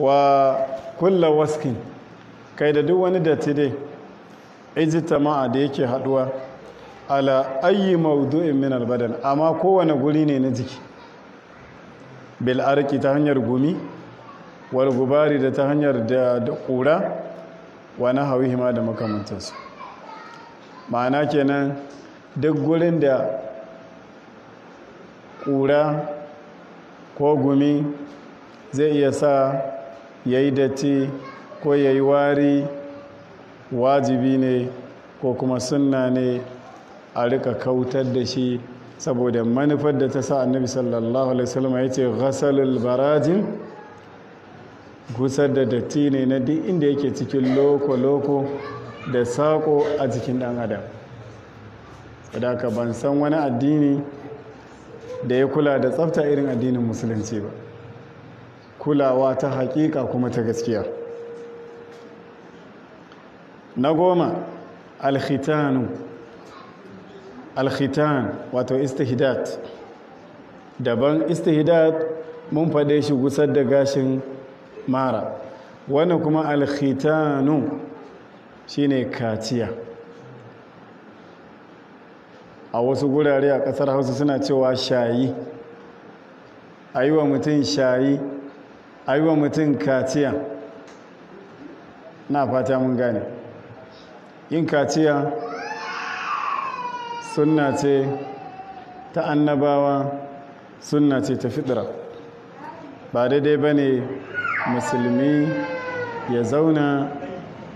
wa kulla waskin kai da duk wani datti dai ma'a da yake haduwa ala ayi in min albadan amma kowane guri ne na jiki bil arki ta hanyar gumi wal gubari da ta hanyar da da kura wa na hawi hima da makamantansu ma'ana kenan duk gurin da kura ko gumi zai iya sa ya yi datti ko ya yi wari wajibi ne ko kuma sunna ne a rika kautar da shi saboda manufar da ta sa annabi sallallahu alaihi wasallam ya ce ghasalul barajin gusar da datti ne na duk inda yake cikin loko-loko da saƙo a jikin ɗan adam da ban san wani addini da ya kula da tsafta irin addinin musulunci ba kulawa ta hakika kuma ta gaskiya na goma alkhitanu alkhitan wato istihdat daban istihdat mun faɗe shi gusar da gashin mara wani kuma alkhitanu shine kaciya a wasu gurare a ƙasar hausa suna cewa shayi a yi wa mutum shayi a yi wa mutum kaciya na fata mun gane yin kaciya suna ce ta annabawa suna ce ta fidira ba daidai ba ne musulmi ya zauna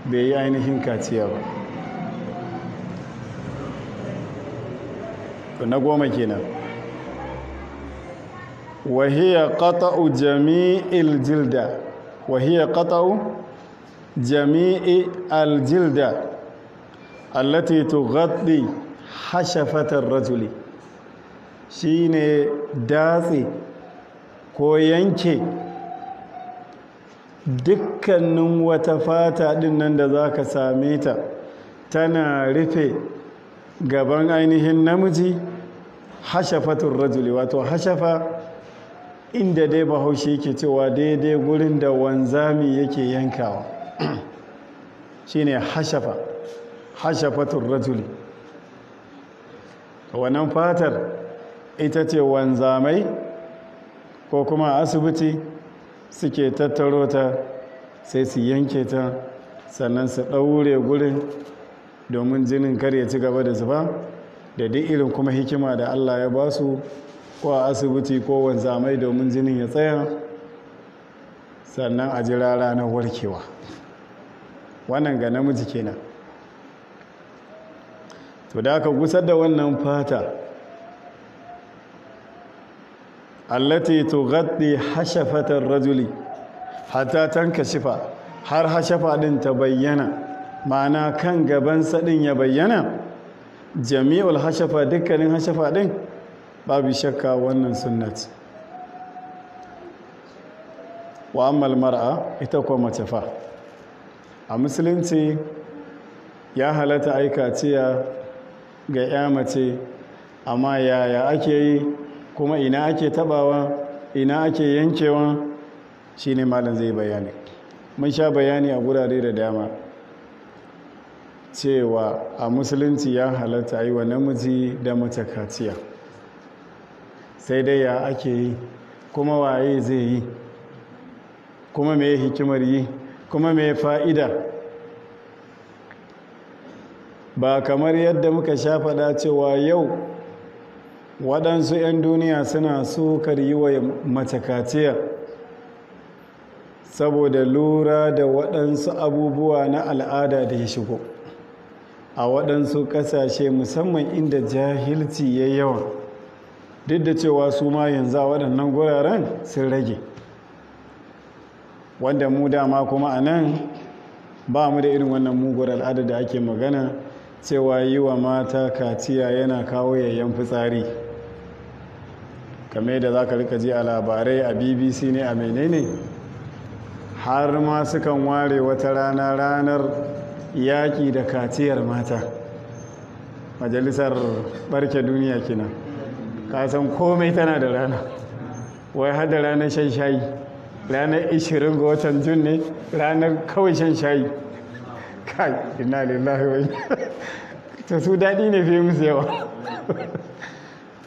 bai yi ainihin kaciya ba na goma kenan وهي قطع جميع jami'i وهي قطع جميع الجلدة التي تغطي حشفة الرجل شيني ko yanke dukkanin wata fata din nan da za ka same ta tana rufe gaban ainihin namiji hashafatun rajuli wato hashafa inda dai bahaushe yake cewa daidai gurin da wanzami yake yankawa shine hashafa hashafatul rajuli wannan fatar ita ce wanzamai ko kuma asibiti suke tattaro ta sai su yanke ta sannan su ɗaure gurin domin jinin kar ya ci gaba da zuba da duk irin kuma hikima da allah ya ba su ko a asibiti ko wanzamai domin jinin ya tsaya sannan a jira ranar warkewa wannan ga namiji kenan to da aka gusar da wannan fata allati tughaddi hashafatar rajuli hatta tankashifa har hashafa din ta bayyana ma'ana kan gabansa din ya bayyana jami'ul hashafa dukkanin hashafa din babu shakka wannan sunnat wa ammal mar'a ita kuwa mace fa a musulunci ya halatta aika ciya ga ya mace amma yaya ake yi kuma ina ake tabawa ina ake yankewa shine malam zai bayani mun sha bayani a gurare da dama cewa a musulunci ya halatta yi namiji da mace kaciya sai dai ya ake yi kuma waye zai yi kuma mai hikimar yi kuma mai fa'ida ba kamar yadda muka sha faɗa cewa yau waɗansu 'yan duniya suna sukar yi wa mace kaciya saboda lura da waɗansu abubuwa na al'ada da ya shigo a waɗansu ƙasashe musamman inda jahilci ya yawa. duk da cewa su ma yanzu a waɗannan guraren sun rage wanda mu dama kuma a nan ba mu da irin wannan muguwar al'adar da ake magana cewa yi wa mata kaciya yana kawo yayyan fitsari kame da za ka rika ji a labarai a bbc ne a menene har ma sukan ware wata rana ranar yaƙi da kaciyar mata majalisar barke duniya kenan Kasan komai tana da rana wai hada ranar shan shayi ranar 20 ga watan jun ne ranar kawai shan shayi kai ina lillahi wai ta su daɗi ne fiye musu yawa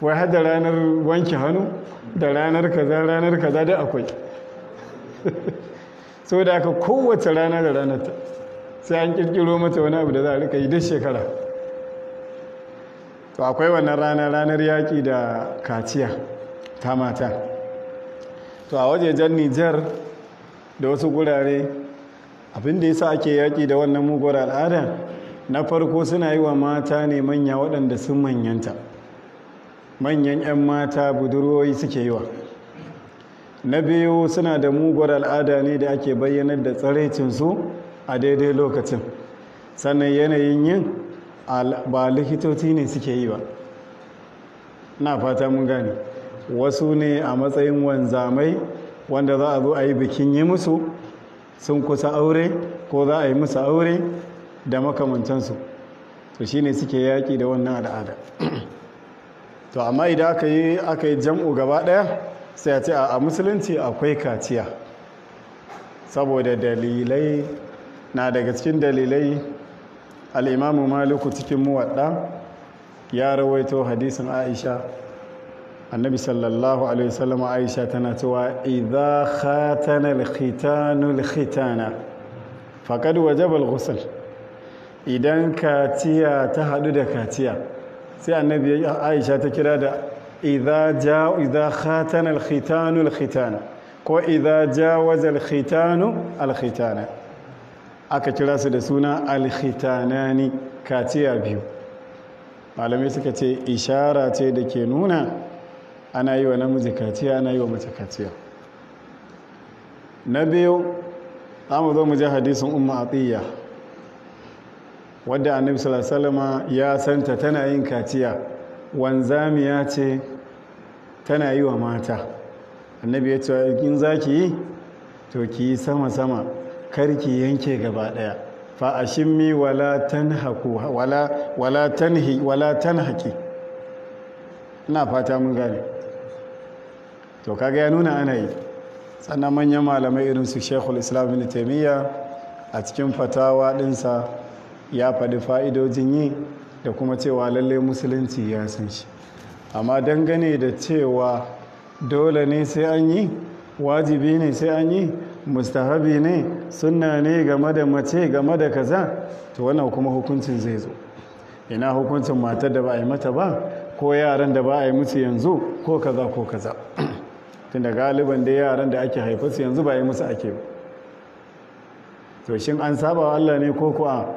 wai hada ranar wanke hannu da ranar kaza ranar kaza da akwai so da aka kowace rana da ranar ta sai an kirkiro mata wani abu da za a rika yi duk shekara to akwai wannan rana ranar yaƙi da kaciya ta mata to a wajejen nijar da wasu gurare abinda yasa ake yaƙi da wannan muguwar al'ada na farko suna yi wa mata ne manya waɗanda sun manyanta manyan 'yan mata budurwoyi suke yi wa na biyu suna da muguwar al'ada ne da ake bayyanar da tsaraicinsu a daidai lokacin sannan yanayin yin ba likitoci ne suke yi ba na fata mun gani wasu ne a matsayin wanzamai wanda za a zo a yi bikin yi musu sun kusa aure ko za a yi musu aure da makamantansu to shi ne suke yaƙi da wannan al'ada to amma idan aka yi aka yi jam'u gaba ɗaya sai a ce a musulunci akwai kaciya saboda dalilai na daga cikin dalilai al'imamu maliku cikin muwaɗa ya rawaito hadisin aisha annabi sallallahu alaihi wasallam aisha tana cewa idza khatana al-khitanu al-khitana faqad wajaba al idan katiya ta hadu da katiya sai annabi aisha ta kira da idza jaa idza khatana al-khitanu al-khitana ko idza jawaza al-khitanu al-khitana aka kira su da suna alkhitanani kaciya biyu malamai suka ce ishara ce da ke nuna ana yi wa namiji kaciya ana yi wa mace kaciya na biyu za mu zo mu ji hadisin umma atiyya wadda annabi salama ya santa tana yin kaciya wanzamiya ce tana yi wa mata annabi ya ce in za ki yi to ki yi sama-sama karki yanke gaba daya fa a shi mi wala tan tanhi na fata mun gane to kaga ya nuna ana yi sannan manyan malamai irin su shekul Islam Ibn taimiyya a cikin fatawa dinsa ya faɗi fa'idojin yi da kuma cewa lallai musulunci ya san shi amma dangane da cewa dole ne sai an yi wajibi ne sai an yi mustahabi ne suna ne game da mace game da kaza to wannan kuma hukuncin zai zo ina hukuncin matar da ba a yi mata ba ko yaran da ba a yi musu yanzu ko kaza ko kaza tunda galiban da yaran da ake haifa su yanzu ba yi musu ake ba to shin an saba wa Allah ne ko kuwa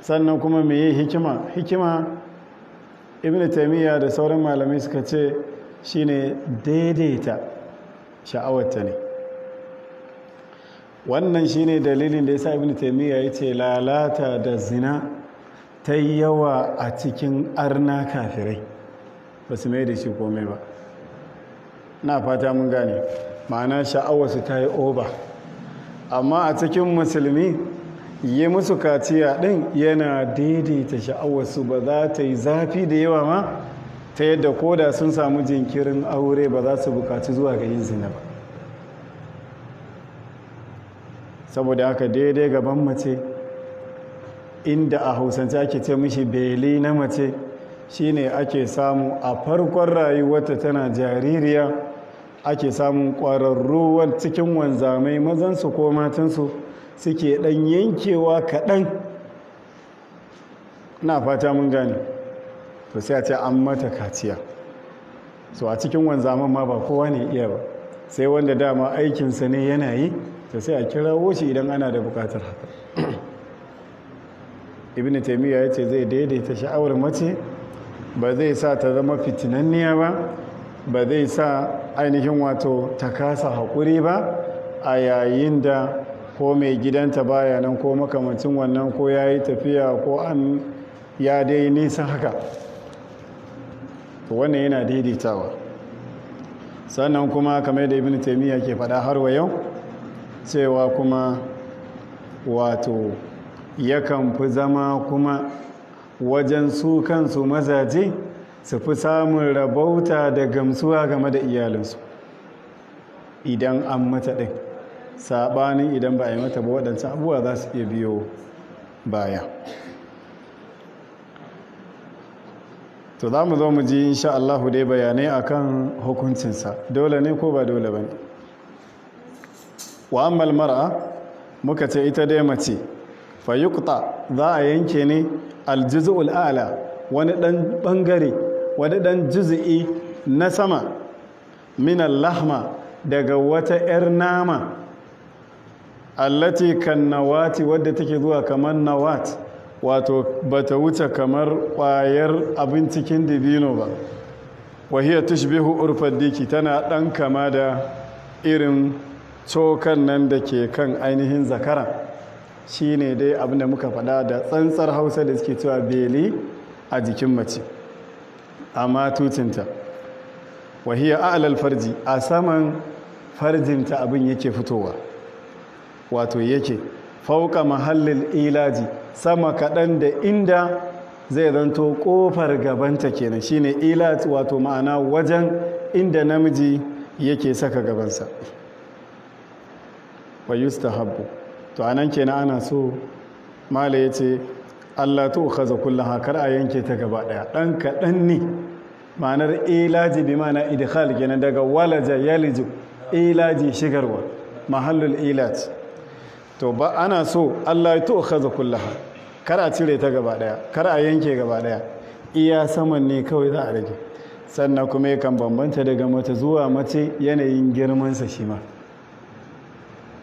sannan kuma me yi hikima hikima ibn taymiya da sauran malamai suka ce shine daidaita sha'awarta ne wannan shine dalilin da ya yasa ibnu taymiya ce lalata da zina ta yawa a cikin arna kafirai ba su mai da shi komai ba na fata mun gane ma'ana sha'awarsu ta yi oba amma a cikin musulmi yi musu kaciya ɗin yana daidaita sha'awarsu ba za ta yi zafi da yawa ma ta yadda koda sun samu jinkirin aure ba za su bukaci zuwa ga yin zina ba saboda haka daidai gaban mace inda a hausance ake ce mishi beli na mace shine ake samu a farkon rayuwarta tana jaririya ake samun ƙwararru cikin wanzamai mazansu ko matansu suke ɗan yankewa kaɗan na fata mun gane to sai a ce an mata kaciya so a cikin wanzaman ma ba kowa ne iya ba sai wanda dama aikinsa ne yana yi ta sai a kirawo shi idan ana da bukatar haka ibn taimiyya ya ce zai daidaita sha'awar mace ba zai sa ta zama fitinanniya ba ba zai sa ainihin wato ta kasa haƙuri ba a yayin da ko mai gidanta baya nan ko makamacin wannan ko ya yi tafiya ko an ya dai nisa haka wannan yana daidaitawa sannan kuma kamar da ibn taimiyya ke faɗa har wa yau cewa kuma wato yakan fi zama kuma wajen su kansu mazaje su fi samun rabauta da gamsuwa game da iyalinsu idan an mata ɗin saɓanin idan ba a yi mata ba waɗancan abuwa za su iya biyo baya to za mu zo mu ji insha'allahu dai bayanai akan hukuncinsa dole ne ko ba dole ba ne wa ammal mar'a muka ce ita dai mace fa za a yanke ne aljuz'ul ala wani dan bangare wani ɗan juz'i na sama min lahma daga wata yar nama allati kan nawati wadda take zuwa kamar nawat wato bata wuce kamar ƙwayar abin cikin divino ba wahiyar tushbihu urfar tana ɗan kama da irin Cokan nan da ke kan ainihin zakara ne dai abinda muka faɗa da tsantsar hausa da suke cewa beli a jikin mace amma tutinta wahiya a'lal farji a saman farjinta abin yake fitowa wato yake fauka mahallin ilaji sama kaɗan da inda zai zanto ƙofar gabanta kenan shine ilat wato ma'ana wajen inda namiji yake saka gabansa wa habu to anan kenan ana so mala ce Allah to za kullaha kar a yanke ta gaba daya dan kaɗan ne ma'anar ilaji bi ma'ana idkhal gina daga walaja yalijo ilaji shigarwa mahallul ilaji to ba ana so Allah to ukhaza kullaha kar a cire ta gaba daya kar a yanke gaba daya iya saman ne kawai za a rage sannan kuma yakan bambanta daga mace zuwa mace yanayin girmansa shi ma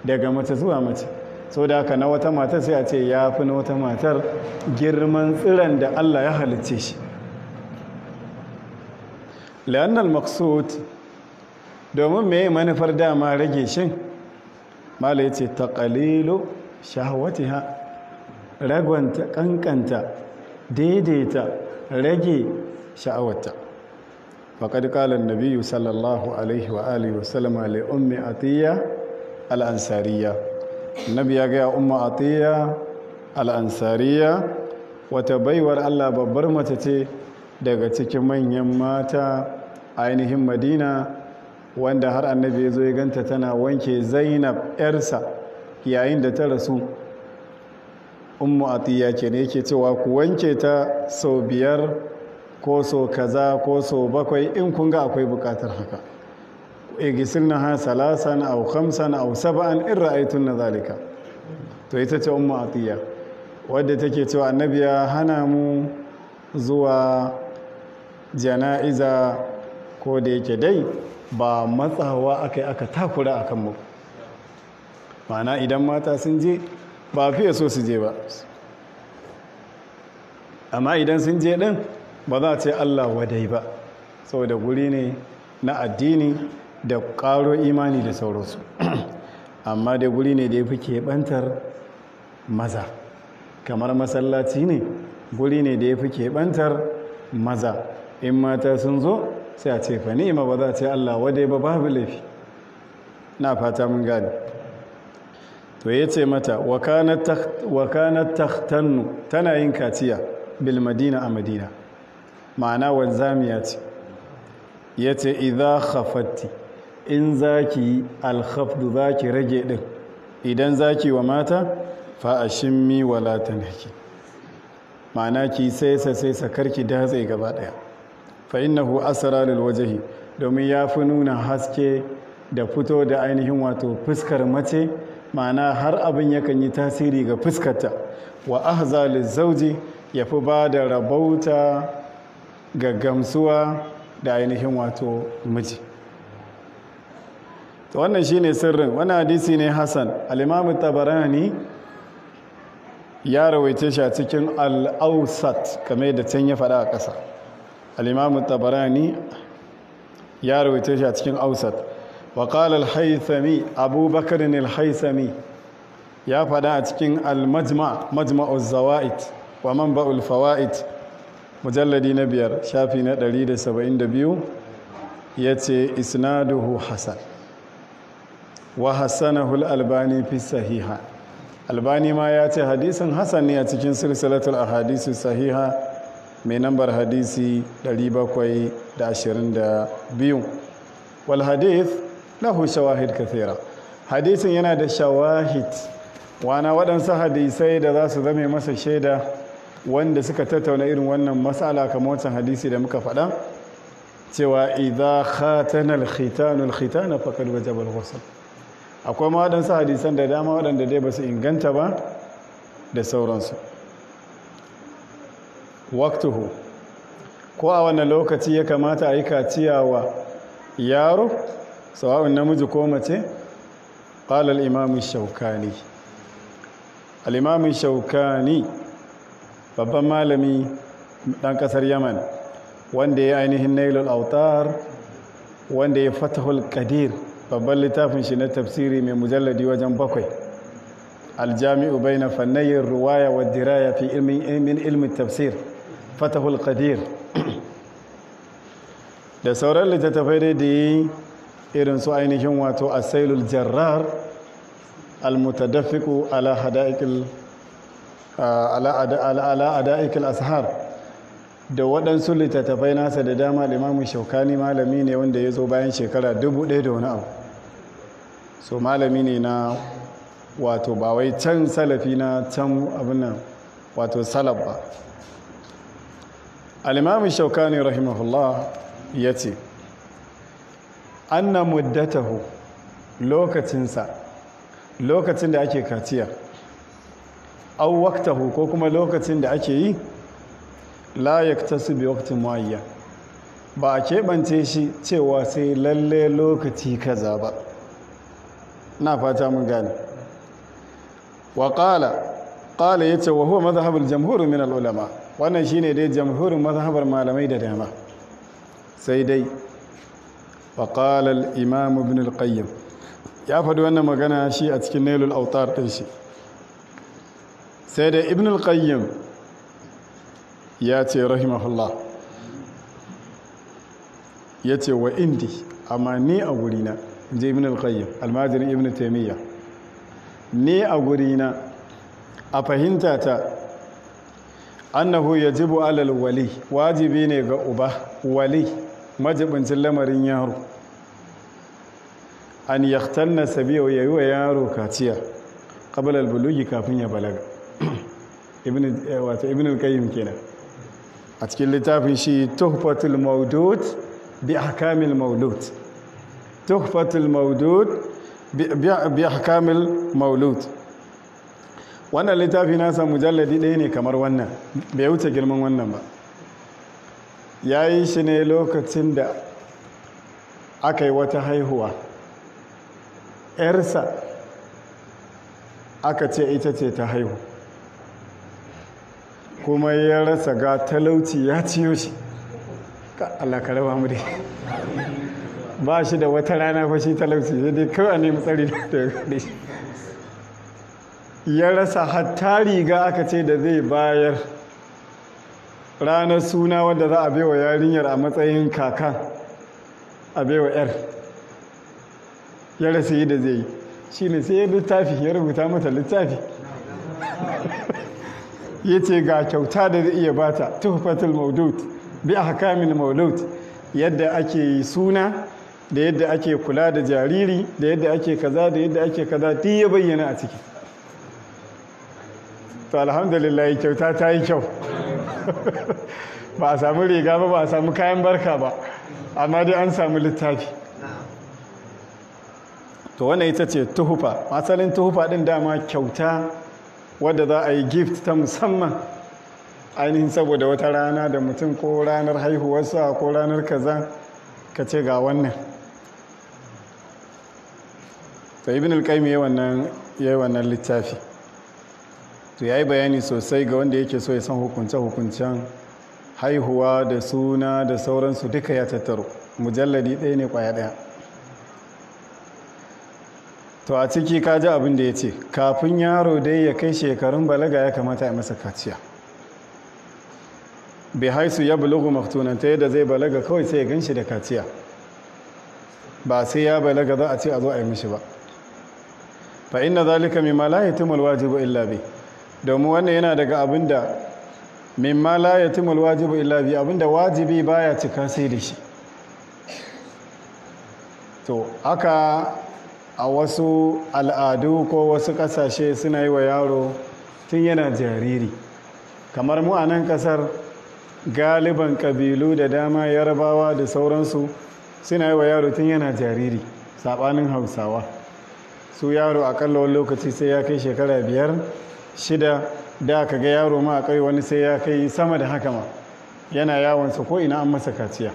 daga mace zuwa mace so da haka na wata matar sai a ce ya fi na wata matar girman tsiran da Allah ya halitce shi la'annal maksud domin mai manufar dama rage shin mala ya ce shahawati ha ragwanta kankanta daidaita rage sha'awata!" faƙaɗi ƙalar nabiyu sallallahu alaihi wa'alihi wasallama la'ummi ummi atiyya al'ansariya nabi ya gaya umma atiya al'ansariya wata baiwar allah babbar mace ce daga cikin manyan mata ainihin madina wanda har annabi ya zo ya ganta tana wanke zainab yarsa yayin da ta rasu ummu atiya ke ne yake cewa ku wanke ta sau biyar ko so kaza ko so bakwai in kunga akwai bukatar haka igisilnaha salasan aw khamsan aw sab'an in ra'aytunna zalika to ita ce ummu atiya wadda take cewa annabi ya hana mu zuwa jana'iza ko da yake dai ba matsawa akai aka takura akan mu Mana idan mata sun je ba fiye so su je ba amma idan sun je din ba za a ce Allah wadai ba saboda guri ne na addini da ƙaro imani da sauransu amma dai guri ne da ya fi keɓantar maza kamar masallaci ne guri ne da ya fi keɓantar maza in mata sun zo sai a ce fa ni'ima ba za a ce Allah wade ba babu laifi na fata mun gane to ya ce mata wa kanat tana yin kaciya bil madina a madina ma'ana wanzamiya ce ya ce ka khafatti in za ki yi alhafdu za ki rage ɗin idan za ki wa mata fa a wa latin haki. ma'ana ki sai sa sai sa karki datse gaba ɗaya fa innahu asra lil wajhi domin ya fi nuna haske da fito da ainihin wato fuskar mace ma'ana har abin yakan yi tasiri ga fuskarta wa ahza Zauji ya fi ba da rabauta ga gamsuwa da ainihin wato miji to wannan ne sirrin wannan hadisi ne hasan al tabarani ya rawaice shi a cikin al-awsat da can ya faɗa a ƙasa al-imam tabarani ya rawaice shi a cikin awsat wa qala abubakar al-haythami ya faɗa a cikin al-majma' majma'u zawaid wa manba'u baul fawaid mujalladi na biyar shafi na 172 yace isnaduhu Hassan. wa hassanahul albani fi sahiha albani ma ya ce hadisin hassan ne a cikin silsilatul ahadisi sahiha mai nambar hadisi 722 wal hadith lahu shawahid kathira hadisin yana da shawahid wana waɗansu hadisai da za su zame masa shaida wanda suka tattauna irin wannan matsala kamar wancan hadisi da muka faɗa cewa idan khatanal khitanul khitana faqad wajaba al-ghusl akwai ma waɗansu hadisan da dama waɗanda dai ba su inganta ba da sauransu waktuhu ko a wannan lokaci ya kamata a yi kaciya wa yaro sawa'un namiji ko mace ƙalar imamun shaukani al'imamun shaukani babban malami ɗan ƙasar yaman wanda ya ainihin nailul autar wanda ya fatahul ƙadir babban littafin shi na tafsiri mai mujalladi wajen bakwai aljami'u bai na fannayin ruwaya wa diraya fi ilmin ilmin tafsir fatahul qadir da sauran littattafai dai da yi irin su ainihin wato a sailul jarrar almutadafiku ala hada'ikil ashar da waɗansu littattafai nasa da dama limamu shaukani malami ne wanda ya zo bayan shekara dubu ɗaya da wani abu so malami ne na wato ba wai can salafi na can abin nan wato salaf ba alimamu shaukani rahimahullah ya ce an na muddatahu lokacinsa lokacin da ake kaciya au waktahu ko kuma lokacin da ake yi ta su bi waqtin muayyan ba a keɓance shi cewa sai lalle lokaci kaza ba na fata mun gane wa ƙala ya ce wa huwa madhhabul jamhurin min ulama wannan ne dai jamhurin mazhabar malamai da dama sai dai wa ƙala imam al ya faɗi wannan magana shi a cikin nailul autar ɗin shi sai dai ibn al ya ce rahimahullah ya ce wa indi amma ni a gurina je ibn alkayyar almajirin ibn taimiyya ni a gurina a fahimta ta annahu jibu alal wali wajibi ne ga uba wali majibincin lamarin yaro an yaktanna ya yi wa yaro kaciya kabbalar bulugi kafin ya balaga ibn eh, alkayyar kenan a cikin littafin shi tuhfatul maudud bi ahkamil maulud tuhfatul maudud bi ahkamil maulud wannan littafi nasa mujalladi ɗaya ne kamar wannan bai wuce girman wannan ba ya yi shi ne lokacin da aka yi wata haihuwa ‘yarsa aka ce ita ce ta haihu kuma ya rasa ga talauci ya ciyo shi Allah ka raba mu dai ba shi da wata rana fa shi talauci sai dai kawai ne tsari da shi ya rasa hatta riga aka ce da zai bayar ranar suna wadda za a baiwa yarinyar a matsayin kaka a wa yar ya rasa yi da zai yi Shi ne sai ya littafi ya rubuta mata littafi ya ce ga kyauta da zai iya ba bata tuhfatul maudut bi a ahkamil maudut yadda ake suna da yadda ake kula da jariri da yadda ake kaza da yadda ake kaza duk ya bayyana a ciki to alhamdulillah kyauta ta yi kyau ba a samu riga ba ba a samu kayan barka ba amma dai an samu littafi to wannan ita ce tuhufa matsalin tuhufa din dama kyauta wadda za a yi gift ta musamman ainihin saboda wata rana da mutum ko ranar haihuwarsa ko ranar kaza ka ce ga wannan ta ibn al ya wannan littafi to ya yi bayani sosai ga wanda yake so ya san hukunce-hukuncen haihuwa da suna da sauransu duka ya tattaro mujalladi ɗaya ne kwaya ɗaya to a ciki ka ji abin da ya ce kafin yaro dai ya kai shekarun balaga ya kamata a masa kaciya bai haisu ya bulugu maktunanta yadda zai balaga kawai sai ya ganshi da kaciya ba sai ya balaga za a ce a zo a yi mishi ba fa inna zalika mimma la yatimul wajibu illa bi domin wannan yana daga abin da mimma la yatimul wajibu illa bi abin da wajibi baya cika sai da shi to aka a wasu al'adu ko wasu ƙasashe suna yi wa yaro tun yana jariri kamar mu a nan ƙasar galiban kabilu da dama yarabawa da sauransu suna yi wa yaro tun yana jariri saɓanin hausawa su yaro aƙalla wani lokaci sai ya kai shekara biyar shida da ka ga yaro ma kai wani sai ya kai sama da haka ma yana yawonsa ko ina an masa kaciya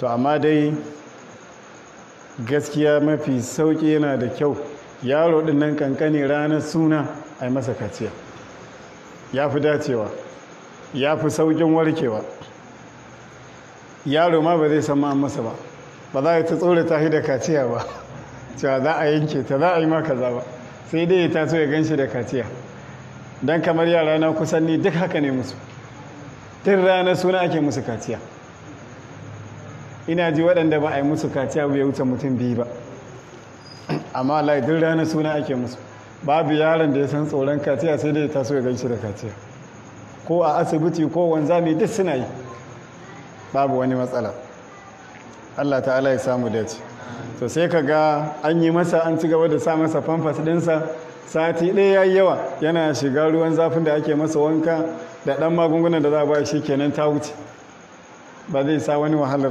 to amma dai gaskiya mafi sauki yana da kyau yaro ɗin nan kankani ranar suna a masa kaciya ya fi dacewa ya fi saukin warkewa yaro ma ba zai san ma'an masa ba ba za a yi ta tsorata ta da kaciya ba cewa za a yanke ta za a yi maka za ba sai dai ta so ya ganshi da kaciya don kamar yara na kusan ni duk haka ne musu tun ranar suna ake musu kaciya ina ji waɗanda ba a yi musu kaciya bai wuce mutum biyu ba amma lai duk ranar suna ake musu babu yaron da ya san tsoron kaciya sai dai taso ya gaishe da kaciya ko a asibiti ko wanzami duk suna yi babu wani matsala Allah ta'ala ya samu dace to sai ka ga an yi masa an ci gaba da sa masa famfas dinsa sati ɗaya ya yi yawa yana shiga ruwan zafin da ake masa wanka da ɗan magungunan da za a ba shi kenan ta wuce ba zai sa wani wahalar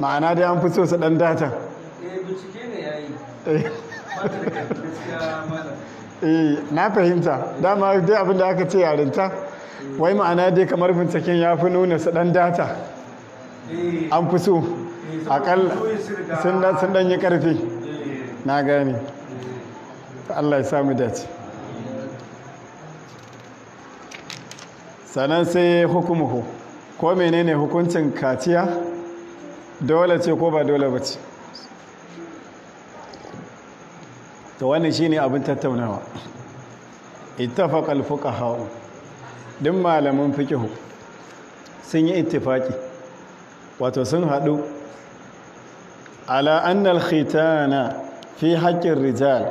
ma'ana dai an fi so su dan data eh, eh. eh na fahimta dama dai abin da aka ce yarinta wai ma'ana dai kamar binciken ya fi nuna su dan data eh. an fi so akalla sun ɗan yi ƙarfi na gane Allah ya samu dace sannan sai hukumuhu ko menene hukuncin kaciya dole ce ko ba dole ba ce to wannan shine abin tattaunawa ittafaqa al-fuqaha din malamin fikihu. sun yi ittifaki wato sun hadu ala anna al-khitana fi haqqi rijal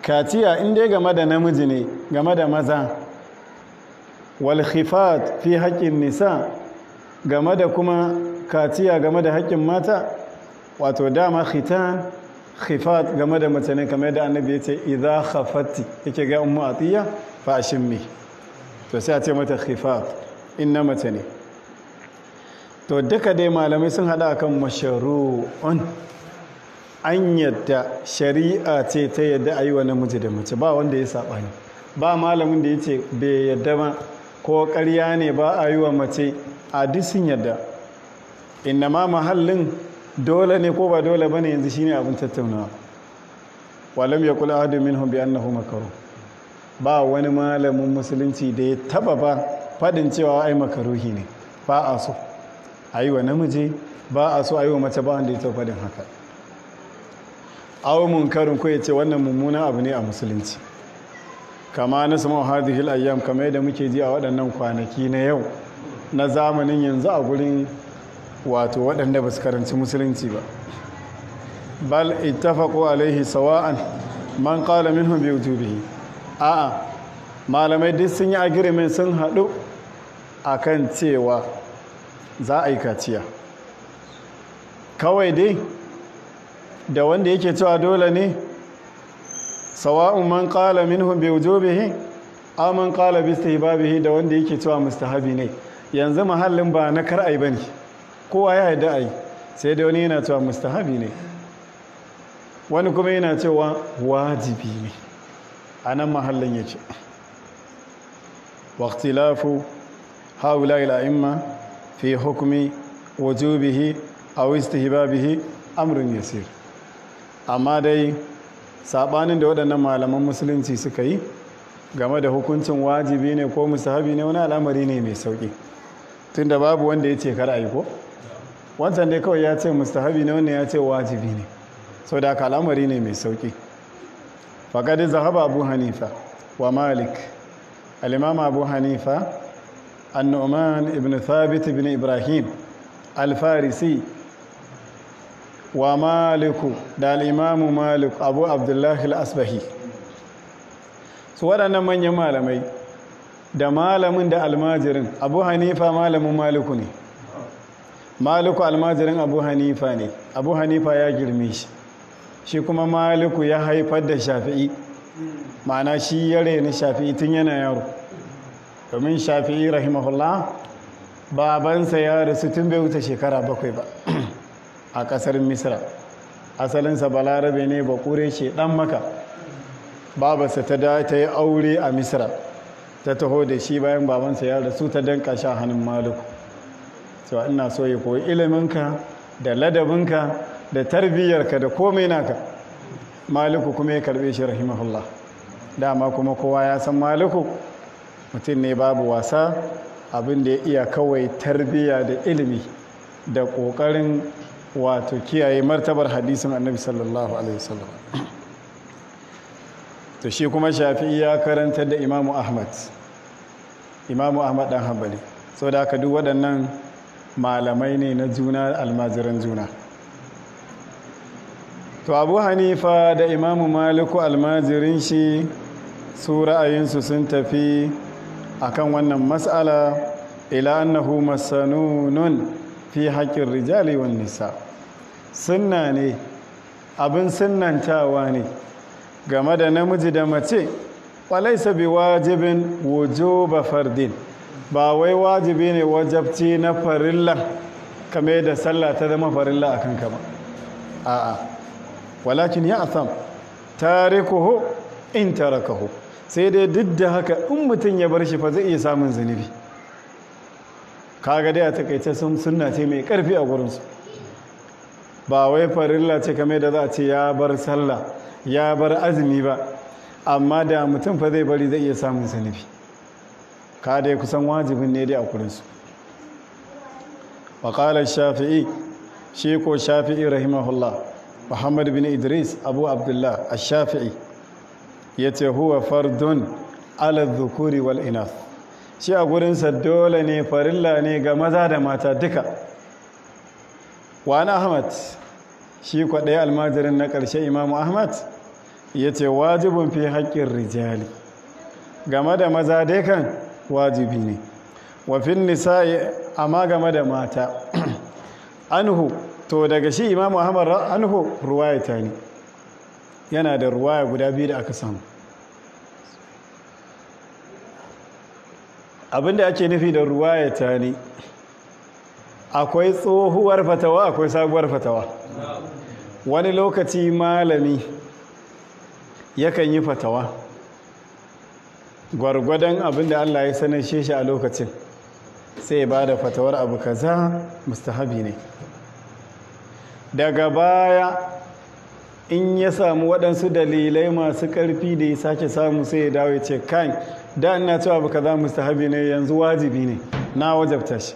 katiya inda game da namiji ne game da maza wal khifat fi haƙƙin nisa game da kuma katiya game da haƙƙin mata wato dama khitan khifat game da mace ne kamar da annabi ya ce idza khafati yake ga ummu atiya fa shimmi to sai a ce mata khifat inna mace ne to duka dai malamai sun hada akan mashru'un an yadda shari'a ce ta yadda ayi wa namiji da mace ba wanda ya sabani ba malamin da yace bai yadda ba ko karya ne ba a yi wa mace a disin yadda inna ma mahallin dole ne ko ba dole ba ne yanzu shi ne abin tattaunawa walam ya kula hadu minhum bi annahu makaro ba wani malamin musulunci da ya taba ba fadin cewa ai makaruhi ne ba a so a yi wa namiji ba a so a yi wa mace ba wanda ya taba fadin haka awo munkarin ko ya ce wannan mummuna abu ne a musulunci kama na samu hadihil ayyam kamar yadda muke ji a waɗannan kwanaki na yau na zamanin yanzu a gurin wato waɗanda ba su karanci musulunci ba bal ittafaqu alaihi sawa'an man qala minhum bi wujubihi a'a malamai duk sun yi agreement sun haɗu A kan cewa za a yi kaciya kawai dai da wanda yake cewa dole ne sawa'un man qala minhum bi wujubihi aw man qala bi istihbabihi da wanda yake cewa mustahabi ne yanzu mahallin ba na kar ai bane kowa ya yarda ai sai da wani yana cewa mustahabi ne wani kuma yana cewa wajibi ne a nan mahallin yake waqtilafu haula ila imma fi hukmi wujubihi aw istihbabihi amrun yasir amma dai Saɓanin da waɗannan malaman musulunci suka yi game da hukuncin wajibi ne ko musahabi ne wani al'amari ne mai tun tunda babu wanda ya ce kar a yi ko wancan ne kawai ya ce mustahabi ne wannan ya ce wajibi ne sau da aka al'amari ne mai sauki faƙaɗi zahaba abu hanifa wa malik al'imam abu hanifa annoman ibn thabit ibn ibrahim alfarisi wa maliku da al'imamu maliku abu abdullahi al'asbahi su waɗannan manyan malamai da malamin da almajirin abu hanifa malamin maliku ne maliku almajirin abu hanifa ne abu hanifa ya girme shi shi kuma maliku ya haifar da shafi'i ma'ana shi ya reni shafi'i tun yana yaro domin shafi'i rahimahullah babansa ya rasu tun bai wuce shekara bakwai ba a ƙasar misra asalinsa balarabe ne bakure ce ɗan maka babarsa ta da ta yi aure a misra ta taho da shi bayan babansa ya rasu ta danka sha hannun maluku So ina so ya koyi iliminka da ladabinka da tarbiyyarka da komai naka maluku kuma ya karbe shi rahimahullah dama kuma kowa ya san maluku mutum ne babu wasa abin da ya iya kawai tarbiyya da ilimi da ƙoƙarin wato kiyaye martabar hadisin annabi sallallahu alaihi wasallam to shi kuma shafi'i ya karanta da imamu ahmad imamu ahmad dan hanbali da haka duk waɗannan malamai ne na juna almaziran juna to abu hanifa da imamu maliku almajirin shi su ra'ayinsu sun tafi akan wannan mas'ala ila annahu masanunun fi haƙin rijali wan nisa sunna ne abin sunnantawa ne game da namiji da mace walaisa bi wajibin ba fardin ba wai wajibi ne wajabci na farilla kame da sallah ta zama farilla a kanka ba a'a walakin ya asam tarikuhu in tarakahu sai dai duk da haka in mutum ya bar shi fa zai iya samun zunubi kaga dai a takaice sun sunna ce mai karfi a gurinsu ba wai farilla ce kamar da za a ce ya bar sallah ya bar azumi ba amma da mutum fa zai bari zai iya samun sanifi ka dai kusan wajibin ne dai a kurinsu waƙalar shafi'i shi ko shafi'i rahimahullah muhammad bin idris abu abdullah a shafi'i ya ce huwa fardun ala zukuri wal inas shi a gurinsa dole ne farilla ne ga maza da mata duka wani ahmad shi kwaɗaya almajirin na ƙarshe imamu ahmad ya ce wajibin fi haƙƙin rijali game da maza dai kan wajibi ne wafin nisa'i amma game da mata anhu to daga shi imamu ahmad anhu ruwa ta ne yana da ya guda biyu da aka samu abinda ake nufi da ruwa ya ne akwai tsohuwar fatawa akwai sabuwar fatawa wani lokaci malami yakan yi fatawa gwargwadon abinda Allah ya sanar shi a lokacin sai ba da fatawar abu kaza mustahabi ne daga baya in ya samu waɗansu dalilai masu ƙarfi da ya sake samu sai ya dawo ya ce kan da ina cewa abu kaza mustahabi ne yanzu wajibi ne na wajabta shi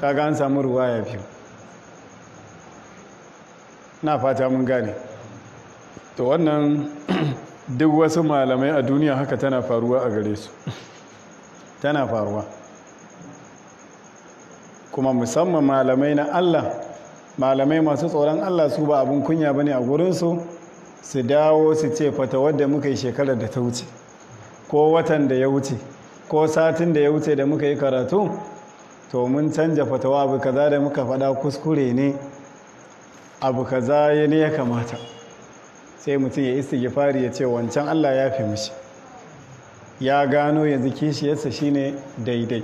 kaga an samu ruwaya biyu na fata mun gane to wannan duk wasu malamai a duniya haka tana faruwa a gare su tana faruwa kuma musamman malamai na allah malamai masu tsoron allah su ba abin kunya ba ne a gurinsu su dawo su ce fata wadda muka yi shekarar da ta wuce ko watan da ya wuce ko satin da ya wuce da muka yi karatu to mun canja fatawa abu kaza da muka fada kuskure ne abu kaza ne ya kamata sai mutum ya fari ya ce wancan Allah ya fi mishi ya gano yanzu kishiyarsa ne daidai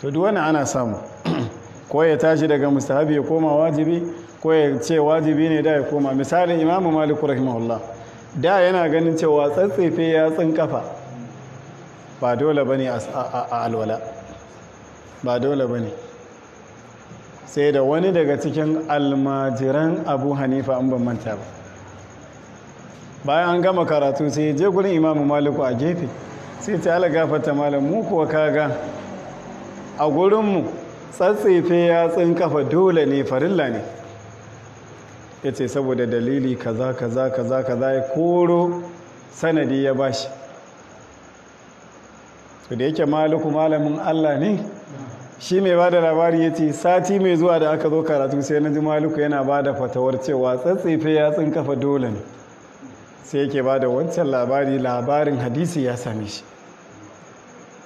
to duk wani ana samu ko ya tashi daga mustahabi ya koma wajibi ko ya ce wajibi ne da ya koma misalin imamu malik rahimahullah da yana ganin cewa tsatsefe ya tsin kafa ba dole ba ne a alwala ba dole ba ne sai da wani daga cikin almajiran abu hanifa an ban manta ba bayan an gama karatu sai je gurin imamu maliku a gefe sai ta ala gafata malam mu kuwa kaga a gurinmu tsatsefe ya tsin kafa dole ne farilla ne ya ce saboda dalili kaza kaza kaza kaza ya koro sanadi ya shi su da yake maluku malamin Allah ne shi mai bada labari ya ce sati mai zuwa da aka zo karatu sai na ji maluku yana bada fatawar cewa tsatsefe ya tsin kafa dole ne sai yake bada wancan labari labarin hadisi ya same shi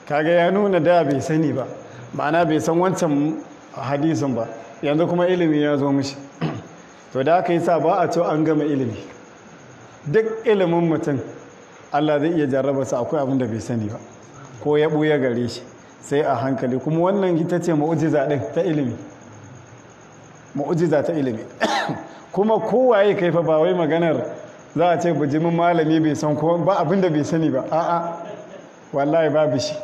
kaga ya nuna da bai sani ba ma'ana bai san wancan hadisin ba yanzu kuma ilimi ya zo mishi to da aka yi sa ba a to an gama ilimi duk ilimin mutum allah zai iya jarraba su akwai abin da bai sani ba ko ya ɓuya gare shi sai a hankali kuma wannan ita ce ma'ujiza ɗin ta ilimi ma'ujiza ta ilimi kuma kowaye kai fa ba wai maganar za a ce bujimin malami bai san ko ba abin da bai sani ba a'a wallahi babu shi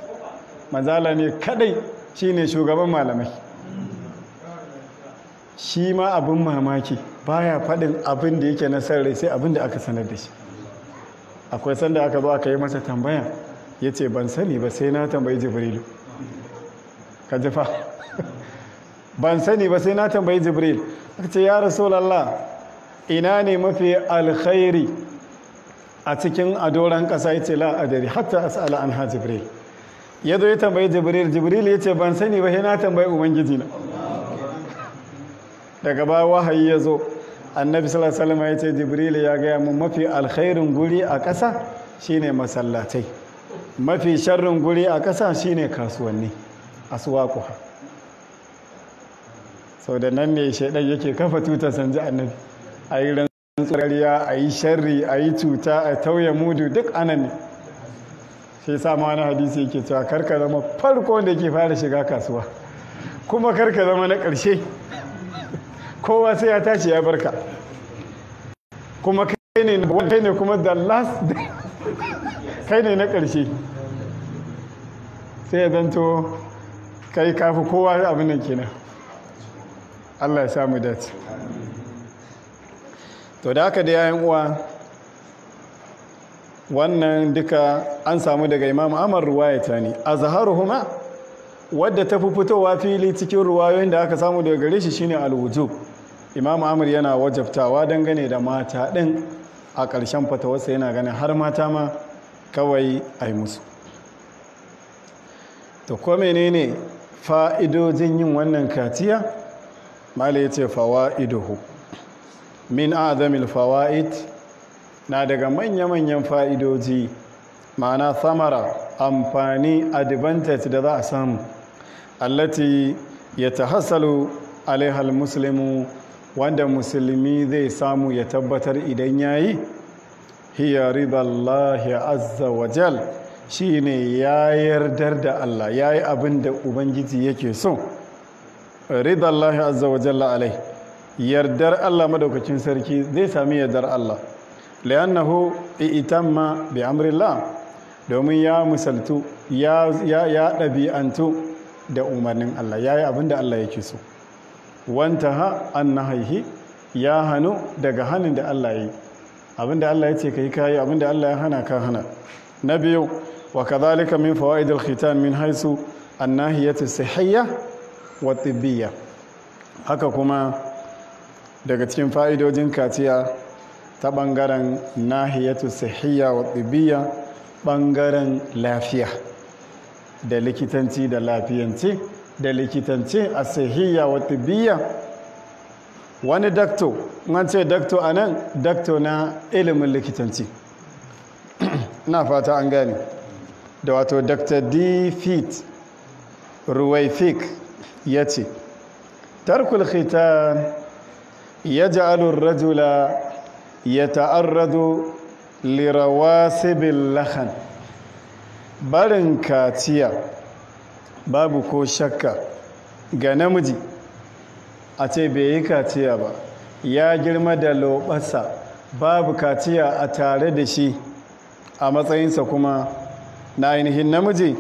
mazala ne kadai shine shugaban malamai shi ma abin mamaki baya faɗin abin da yake na rai sai abin da aka sanar da shi akwai sanda aka zo aka yi masa tambaya ya ce ban sani ba sai na tambayi Jibril ka jifa ban sani ba sai na tambayi jibril aka ce ya rasulallah ina ne mafi alkhairi a cikin adoran ƙasa ya ce la'adari hatta as'ala an ha jibril ya zo ya tambayi jibril jibril ya ce ban sani ba sai na tambayi ubangiji na daga ba wahayi ya zo annabi sallallahu alaihi ya ce jibril ya gaya mu mafi alkhairin guri a ƙasa shine masallatai mafi sharrin guri a ƙasa shine kasuwanni aswaquha sau da nan ne shaidan yake kafa tutar sanji annabi a yi rantsariya a yi sharri a yi cuta a tauye mudu duk anan ne sai sa ma wani hadisi yake cewa karka zama farko da ke fara shiga kasuwa kuma karka zama na ƙarshe kowa sai ya tashi ya barka kuma kai ne na kai ne kuma the last kai ne na ƙarshe sai ya zanto kai kafi kowa abin nan kenan Allah ya samu dace to da haka da yayin uwa wannan duka an samu daga imamu amar ruwayata ne azharuhuma wadda ta fi fitowa fili cikin ruwayoyin da aka samu daga gare shi shine alwujub imam amir yana wajabtawa dangane da mata ɗin a ƙarshen fatawarsa yana ganin har mata ma kawai a yi musu to ko menene fa'idojin yin wannan katiya mala ya ce fawa'idohu min azamil fawa'id na daga manya-manyan fa'idoji ma'ana samara amfani advantage da za a samu allati ya tahassalu alaihal muslimu wanda musulmi zai samu ya tabbatar idan ya yi hiya ridallahi azza wa jal shi ne ya yardar da Allah ya yi abin da Ubangiji yake so ridallahi azza wa jalla alai yardar Allah madaukakin sarki zai sami yardar Allah li'annahu itamma bi amrillah domin ya musaltu ya ɗabi'antu da umarnin Allah ya yi abin da Allah yake so wanta ha an na haihi ya hannu daga hannun da Allah ya yi abin da Allah ya ce ka yi kayi abin da Allah ya hana ka hana na biyu wa kazalika min fawaid idil khitan min haisu annahiyatu sihhiyya wa tibbiyya haka kuma daga cikin fa'idojin kaciya ta bangaren nahiyatu sihhiyya wa tibbiyya bangaren lafiya da likitanci da lafiyance da likitance a sahiya wata biya wani dakto an ce dakto a nan dakto na ilimin likitanci na fata an gane da wato dr d fit ruwaifik ya ce tarkul khita ya ja'alun rajula ya ta'arradu lirawa sibin lahan barin kaciya babu ko shakka ga namiji a ce bai yi kaciya ba ya girma da lobasa babu kaciya a tare da shi a matsayinsa kuma na ainihin namiji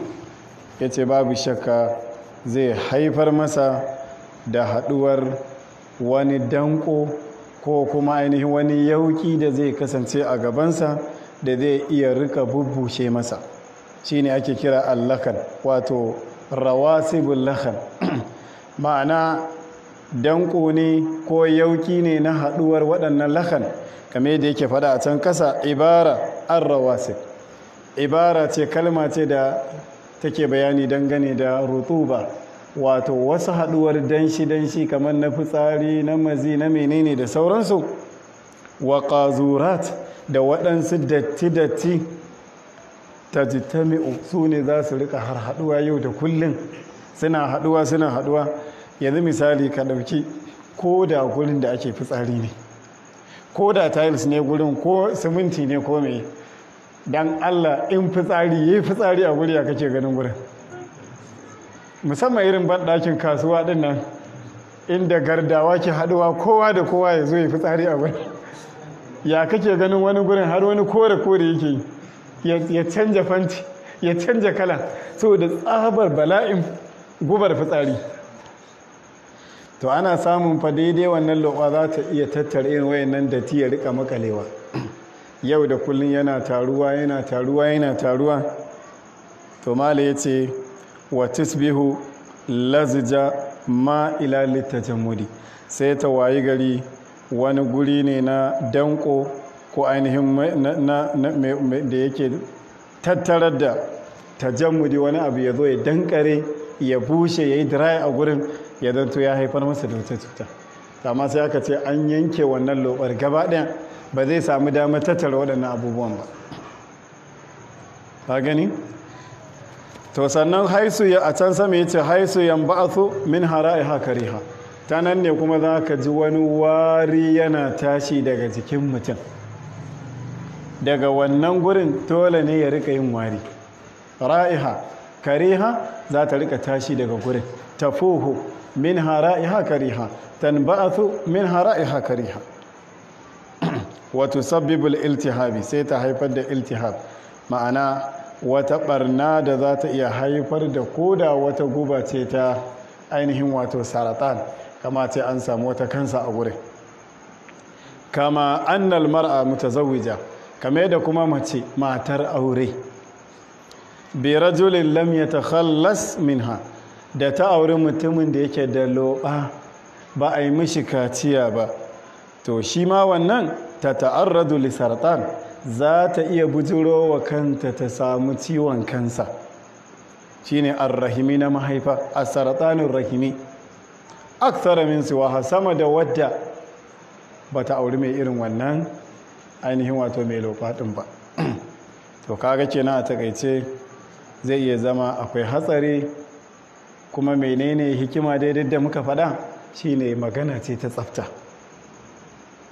ya ce babu shakka zai haifar masa da haduwar wani danko ko kuma ainihin wani yauki da zai kasance a gabansa da zai iya rika bubbushe masa ne ake kira allakan wato rawasibul lakan ma'ana danko ne ko yauki ne na haɗuwar waɗannan lakan kame da yake fada a can kasa ibara an rawasib ibara ce kalma ce da take bayani dangane da rutuba wato wasu haduwar danshi-danshi kamar na fitsari na mazi na menene da sauransu wa da waɗansu datti-datti ta jitami'u su ne za su rika har haduwa yau da kullum suna haduwa suna haduwa yanzu misali ka dauki ko da gurin da ake fitsari ne ko da tiles ne gurin ko siminti ne ko mai don allah in fitsari ya yi fitsari a guri ya kake ganin gurin musamman irin banɗakin kasuwa ɗin nan inda gardawa ke haduwa kowa da kowa ya zo ya fitsari a gurin ya kake ganin wani gurin har wani kore kore yake yi ya canja fanti ya canja kala saboda tsabar bala'in gubar fitsari to ana samun fa daidai wannan lokwa za ta iya tattara irin wayannan da ya rika makalewa yau da kullun yana taruwa yana taruwa yana taruwa to mala ya ce wa tisbihu lazija ma ila littajammudi sai ta wayi gari wani guri ne na danko ko ainihin da yake tattarar da ta tajammudi wani abu ya zo ya dankare ya bushe ya yi dry a gurin ya zanto ya haifar masa da cuta amma sai aka ce an yanke wannan lobar gaba ɗaya ba zai samu damar tattara waɗannan abubuwan ba ba gani to sannan haisu ya a can sama yace haisu yan ba'athu min hara'iha riha ta nan ne kuma za ka ji wani wari yana tashi daga jikin mutum daga wannan gurin Tole ne ya rika yin wari ra'iha kariha za ta rika tashi daga gurin tafuhu min ra'iha kariha tanba'athu min ra'iha kariha wato sabibul iltihabi sai ta haifar da iltihab ma'ana wata barna da za ta iya haifar da koda wata guba ce ta ainihin wato saratan kama ce an samu wata kansa a wurin kama annal mar'a mutazawija kame da kuma mace matar aure bi rajulin ta khallas minha da ta aure mutumin da yake da loɓa, ba a yi mishi kaciya ba to shi ma wannan ta ta'arradu li za ta iya bujiro wa kanta ta samu ciwon kansa Shi shine arrahimi na mahaifa a saratanin rahimi aksara min siwaha sama da wadda ba ta auri mai irin wannan ainihin wato mai lofaɗin ba to kaga kenan a takaice zai iya zama akwai hatsari kuma menene hikima daidai da muka faɗa shine magana ce ta tsafta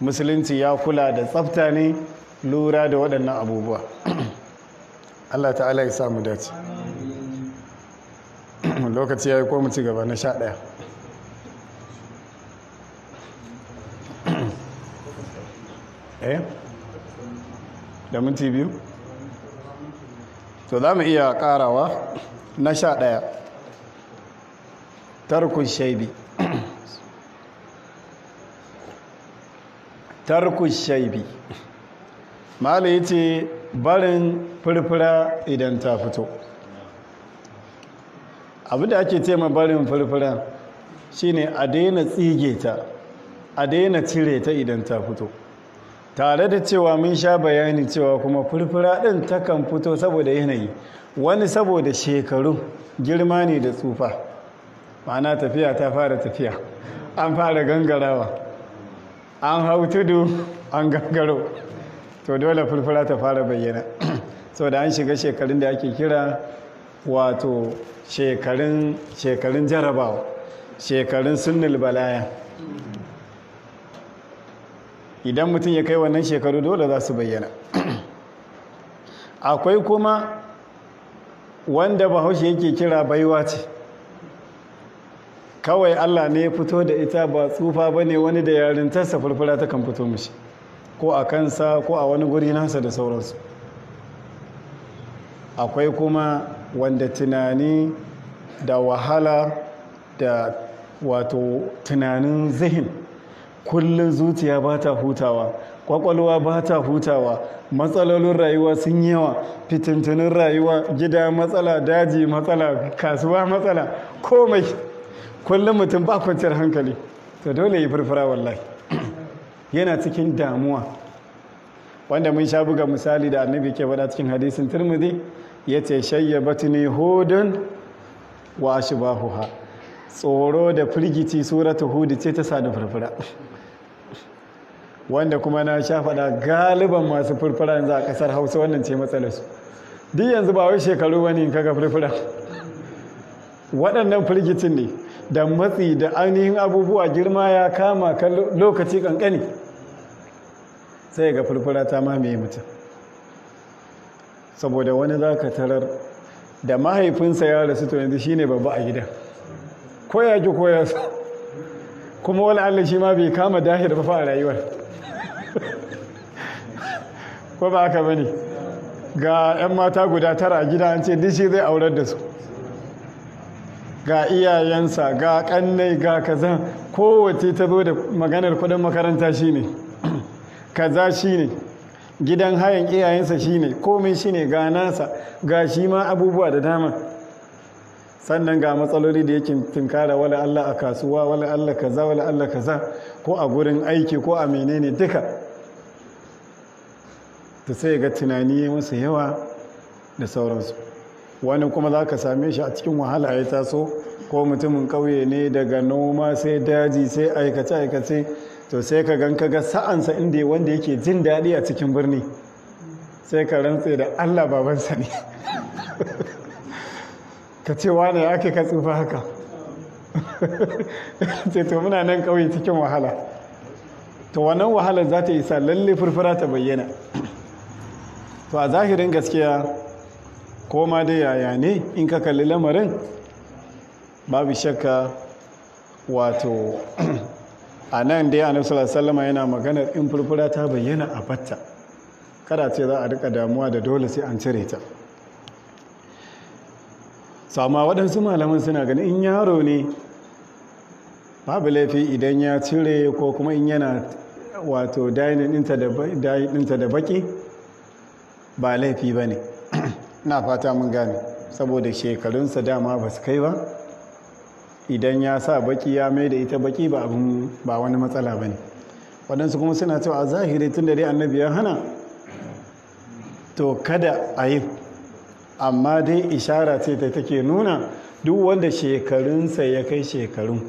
musulunci ya kula da tsafta ne lura da waɗannan abubuwa allah ta'ala ya samu dace lokaci ya yi ko mu gaba na sha ɗaya eh da minti biyu to za mu iya karawa na sha ɗaya tarkun shaibi tarkun shaibi ya ce barin furfura idan ta fito abu da ake tema barin furfura shine a daina tsige ta a daina cire ta idan ta fito tare da cewa mun sha bayani cewa kuma furfura ɗin takan fito saboda yanayi wani saboda shekaru girma ne da tsufa ma'ana tafiya ta fara tafiya an fara gangarawa an hau tudu an gangaro to dole furfura ta fara bayyana saboda an shiga shekarun da ake kira wato shekarun jarabawa shekarun sunnul balaya idan mutum ya kai wannan shekaru dole za su bayyana akwai kuma wanda bahaushe yake kira baiwa ce kawai allah ne ya fito da ita ba tsufa ba ne wani da yarintarsa furfura ta kan fito mashi ko a kansa ko a wani guri nasa da sauransu akwai kuma wanda tunani da wahala da wato tunanin zihin kullum zuciya ba ta hutawa kwakwalwa ba ta hutawa matsalolin rayuwa sun yawa fitintunin rayuwa gida matsala daji matsala kasuwa matsala komai kullum mutum ba kwanciyar hankali to dole yi furfura wallahi yana cikin damuwa wanda mun sha buga misali da annabi ke da cikin hadisin turmudi ya ce shayyabatu ne hudun wa ashibahuha tsoro da firgici suratu hudu ce ta sadu furfura wanda kuma na sha faɗa galiban masu furfura yanzu a ƙasar hausa wannan ce matsalarsu duk yanzu ba wai shekaru wani in kaga furfura waɗannan firgicin ne da matsi da ainihin abubuwa girma ya kama ka lokaci ƙanƙani sai ga furfura ta mamaye mutum saboda wani za ka tarar da mahaifinsa ya rasu to yanzu shine babba a gida ko ya ji ko ya kuma wani allah shi ma bai kama dahir ba fa a rayuwar ko ba haka bane ga 'yan mata guda tara a gida an ce dishi zai aurar da su ga iyayensa ga kannai ga kaza kowace ta zo da maganar kudin makaranta shine kaza shine gidan hayan iyayensa shine komai shine ga nasa ga shi ma abubuwa da dama sannan ga matsaloli da yake tunkara wala Allah a kasuwa wala Allah kaza wala Allah kaza ko a gurin aiki ko a menene duka ta sai ga tunani ya yawa da sauransu wani kuma za ka same shi a cikin wahala ya taso ko mutumin kauye ne daga noma sai daji sai aikace-aikace to sai ka gan ka sa'ansa inda wanda yake jin daɗi a cikin birni sai ka rantse da allah babansa ne ka ce wane ya ake ka tsufa haka ce to muna nan ƙauye cikin wahala to wannan wahalar za ta isa lalle furfura ta bayyana to a zahirin gaskiya koma da yaya ne in ka kalli lamarin babu shakka wato a nan dai annabi sallallahu yana maganar in furfura ta bayyana a fatta kada ce za a rika damuwa da dole sai an cire ta sama waɗansu malaman suna ganin in yaro ne babu laifi idan ya cire ko kuma in yana wato dainin ɗinta da baki ba laifi ba ne na fata mun gane saboda shekarunsa dama ba su kai ba idan ya sa baki ya mai da ita baki ba abin ba wani matsala ba ne waɗansu kuma suna cewa a zahiri tun da dai annabi ya hana to kada a yi amma dai ishara ce ta take nuna duk wanda shekarunsa ya kai shekarun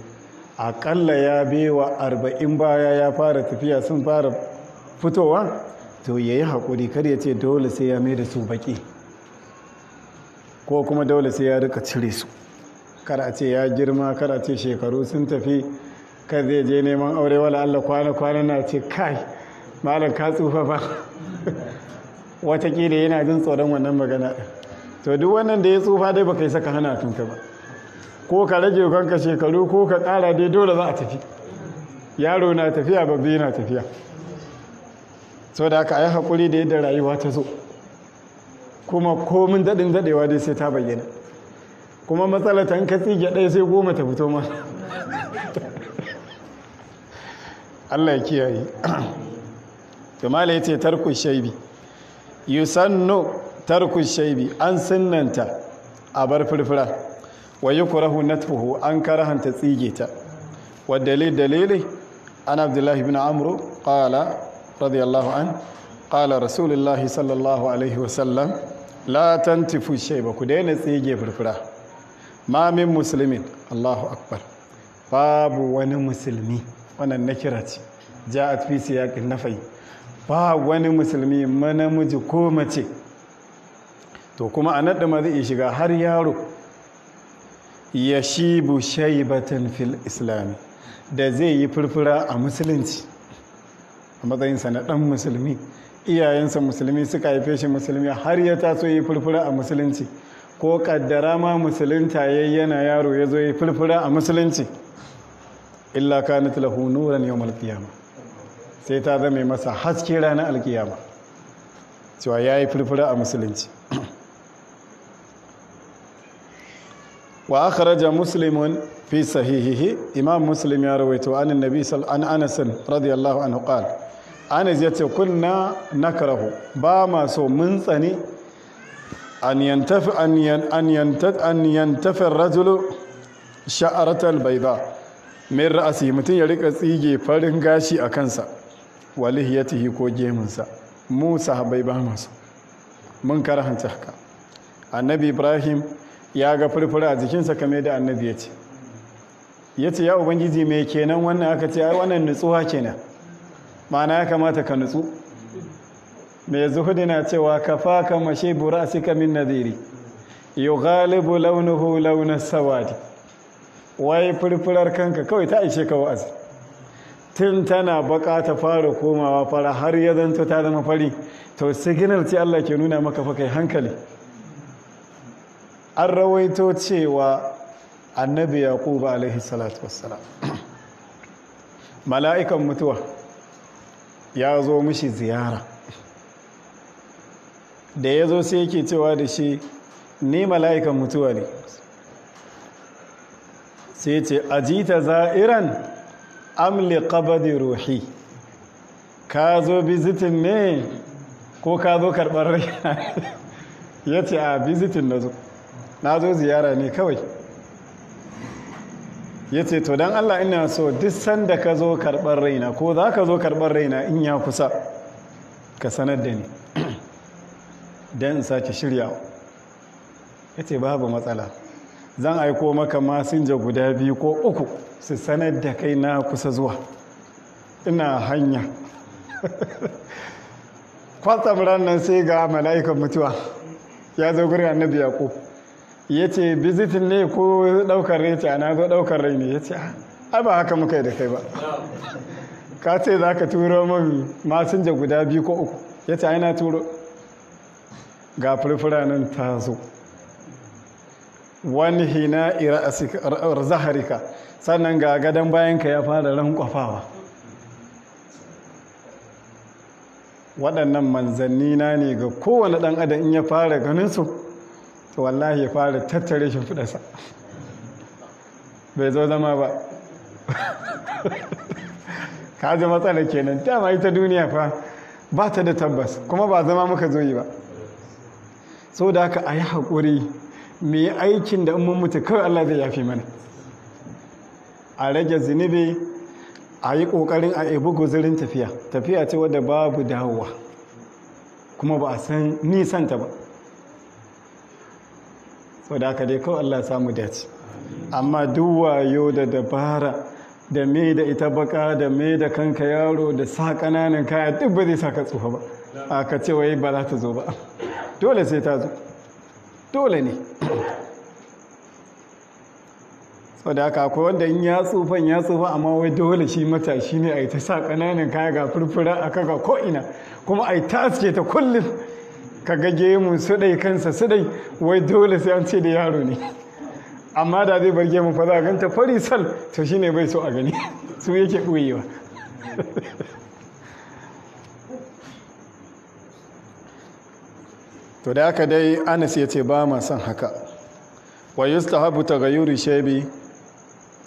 aƙalla ya bewa arba'in baya ya fara tafiya sun fara fitowa to ya yi haƙuri kar ya ce dole sai ya mai da su baƙi ko kuma dole sai ya rika cire su kar a ce ya girma kar a ce shekaru sun tafi kar zai je neman aure wala Allah kwana-kwana na ce kai malam ka tsufa ba watakila yana jin tsoron wannan magana to duk wannan da ya tsufa dai baka yi saka hana tunka ba ko ka rage kanka shekaru ko ka ƙara dai dole za a tafi yaro na tafiya babbi na tafiya sau da aka yi haƙuri da yadda rayuwa ta zo kuma komin daɗin daɗewa dai sai ta bayyana kuma matsala ta ka tsige ɗaya sai goma ta fito ma Allah ya kiyaye kamala ya ce tarkus shaibi yusannu tarkus shaibi an sunnanta a bar firfira wa na tuhu an karahanta tsige ta wadda dalil dalili an abdullahi bin amuru qala radiyallahu an qala rasulullahi sallallahu alaihi wasallam la tantifu shayba ku daina tsige furfura ma min muslimin Allahu akbar babu wani musulmi wannan nakira ce ja'at fi siyaqin nafai ba wani musulmi namiji ko mace to kuma a naɗa ma zai shiga har yaro ya shibu shaibatan fil islami da zai yi furfura a musulunci a matsayinsa na ɗan musulmi iyayensa musulmi suka haife shi musulmi har ya taso yi furfura a musulunci ko kaddara ma musulunta ya yana yaro ya zo yi furfura a musulunci illa na lahu nuran yawmal sai ta zame masa haske ranar alkiyama cewa ya yi furfura a musulunci wa aka raja musulmin fi sahihihi imam Musulmi ya rawaito an annabi sallallahu an radiyallahu anhu qala anas ya ce kunna nakarahu ba ma so mun tsani an yantafi an yantafi rajulu sha'aratal ba. min ra'asi mutum ya rika tsige farin gashi a kansa walihiyatihi ko gemunsa mu sahabbai ba masu mun karahanta haka annabi ibrahim ya ga furfura a jikinsa kame da annabi ya ce ya ce ya ubangiji mai kenan wannan aka ce ai wannan nutsuwa kenan ma'ana ya kamata ka nutsu mai zuhudi na cewa ka faka mashe burasika min yi galibu launuhu launin sawadi wai furfurar kanka kawai ta ishe ka wa'azi tun tana baka ta fara komawa fara har ya zanto ta zama fari to siginar ce Allah ke nuna maka fakai hankali an rawaito cewa annabi Yakubu alaihi salatu wassalam mala'ikan mutuwa ya zo mishi ziyara da ya zo sai yake cewa da shi ni mala'ikan mutuwa ne sai ce ajita za'iran amli qabadi ruhi ka zo bizitin ne ko ka zo karɓar rai ya ce a bizitin na na zo ziyara ne kawai ya ce to don Allah ina so duk sanda ka zo karɓar raina ko za ka zo karɓar raina in ya kusa ka sanar da ni don in sake shirya ya ce babu matsala zan aiko maka masinja guda biyu ko uku su sanar da kai na kusa zuwa ina hanya kwatsam ranar sai ga mala'ikan mutuwa ya zo gurin annabi yaƙo ya ce bizitin ne ko ɗaukar rai ce na zo ɗaukar rai ne ya ce a ah, ba haka muka yi da kai ba ka ce za ka turo min masinja guda biyu ko uku ya ce aina na turo ga furfura nan ta zo wani hina zaharika sannan ga gadon bayanka ya fara kwafawa waɗannan manzanni na ne ga kowane ɗan adam in ya fara ganin su. to wallahi ya fara tattare shi fudasa bai zo zama ba ka ji matsala kenan dama ita duniya fa ba ta da tabbas kuma ba zama muka zo yi ba so da haka a yi haƙuri mai aikin da umar mutu kawai Allah zai yafi mana a rage zunubi a yi ƙoƙarin a ebi guzurin tafiya tafiya ce wadda babu dawowa kuma ba a san ta ba sau da aka dai kawai Allah samu dace amma duwayo da dabara da me da ita baka da me da kanka yaro da sa kananan kaya duk ba zai sa ka tsufa ba a ka ce wai ba za ta zo ba dole sai ta zo dole ne sau da aka akwai wanda in ya tsufan ya tsufa amma wai dole shi matashi ne a yi ta sa ƙananan kaya ga furfura a kaga ko'ina kuma a yi ta ta kullum ka ga gemun suɗai kansa suɗai wai dole sai an ce da yaro ne amma da zai bar gemun fa za a ganta fari sal to shine bai so a gani su yake ɓoyewa to da aka dai anas ya ce ba ma son haka wa yustahabu ta shaybi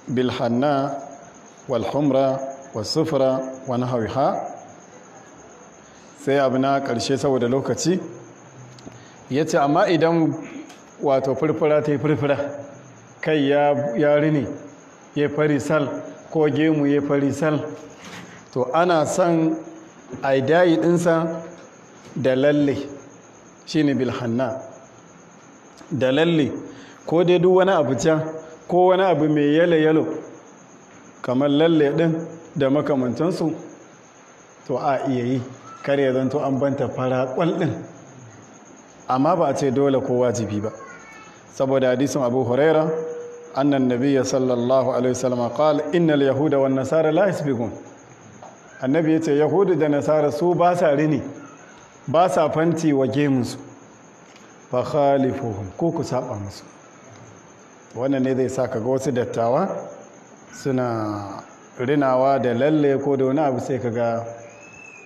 Bilhanna hanna wal humra was sufra wani nahwiha sai abu na karshe saboda lokaci ya ce amma idan wato furfura ta yi furfura kai ya rini ya fari sal ko gemu ya fari sal to ana son a dayi ɗinsa da lalle shi ne bilhanna da lalle ko dai duk wani abu can ko wani abu mai yalo-yalo kamar lalle din da makamantansu to a iya yi kar ya zanto an banta fara kwal ɗin amma ba a ce dole ko wajibi ba saboda hadisin abu huraira annan ya sallallahu alaihi wasallam qala innal yahuda wani nasara la yasbiqun annabi ce yahudu da nasara su ba sa rini ba sa fanti wa gemunsu ba khalifuhum ko ku saba musu wannan ne zai sa ka ga wasu dattawa suna rinawa da lalle ko da wani abu sai ka ga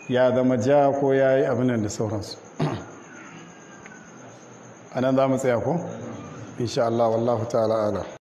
ya zama ja ko ya yi abinan da sauransu anan za mu tsaya ko insha Allah wallahu ta'ala ala